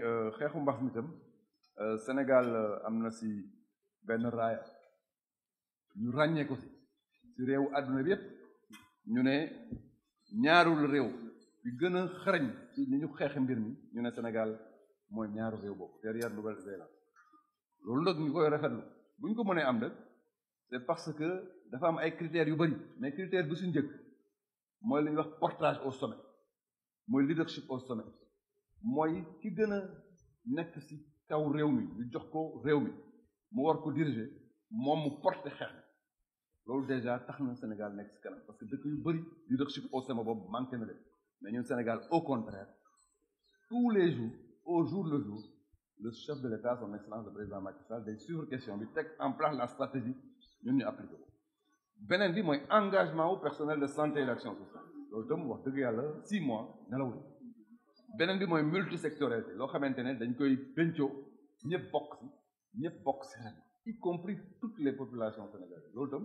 Euh, xeexu mbax mi tam euh, Sénégal euh, am na si benn raaya ñu ràññee ko si si réewu àdduna bi yépp ñu ne ñaarul réew bi gën a xarañ ci ni ñu xeex mbir mi ñu ne Sénégal mooy ñaaru réew boobu derrière Nouvelle-Zélande loolu nag ñu koy rafetlu bu ñu ko mënee am nag c'est parce que dafa am ay critères yu bari mais critère bi suñ njëkk mooy li ñuy wax portage au sommet mooy leadership au sommet mooy ki gën a nekk si kaw réew mi jox ko réew mi mu war ko diriger moom mu porte xeex loolu déjà tax na Sénégal nekk ci kanam parce que de yu bëri leadership au sommet boobu manqué na leen mais ñun Sénégal au contraire tous les jours au jour le jour le chef de l'État son excellence le président Macky Sall day suivre question bi teg en place la stratégie ñun ñu appliqué ko beneen bi mooy engagement au personnel de santé et d'action sociale loolu tam wax dëgg yàlla six mois nelawuñu beneen bi mooy multisectorialité loo xamante ne dañ koy pencoo ñëpp bokk si ñëpp bokk si y compris les populations loolu tam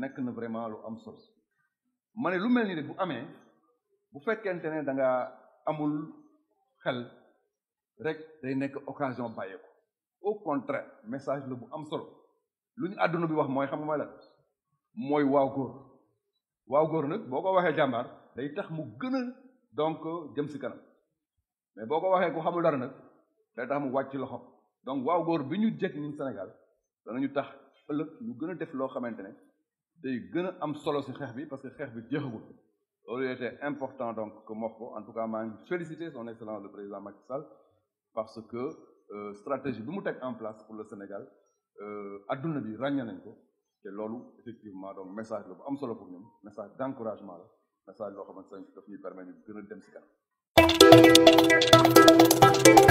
nekk na vraiment lu am sol ma ne lu mel ni de bu amee bu fekkente ne dangaa amul xel rek day nekk occasion bàyyi ko au contraire message la bu am solo lu ñu àdduna bi wax mooy xam nga mooy lan waaw góor waaw góor nag boo ko waxee jàmbaar day tax mu gën donc jëm si kanam mais boo ko waxee ku xamul dara nag day tax mu wàcc ci loxo donc waaw góor bi ñu jëkk ñun Sénégal ñu tax ëllëg ñu gën a def loo xamante ne day gën a am solo si xeex bi parce que xeex bi jeexagul loolu était important donc que mu ko en tout cas maa ngi féliciter son excellence le président Macky Sall parce que euh, stratégie bi mu teg en place pour le Sénégal euh, adduna bi ràññee nañ ko te loolu effectivement donc message la bu am solo pour ñoom message d'encouragement la message loo xamante ne daf ñuy permettre ñu gën a dem si kanam thank you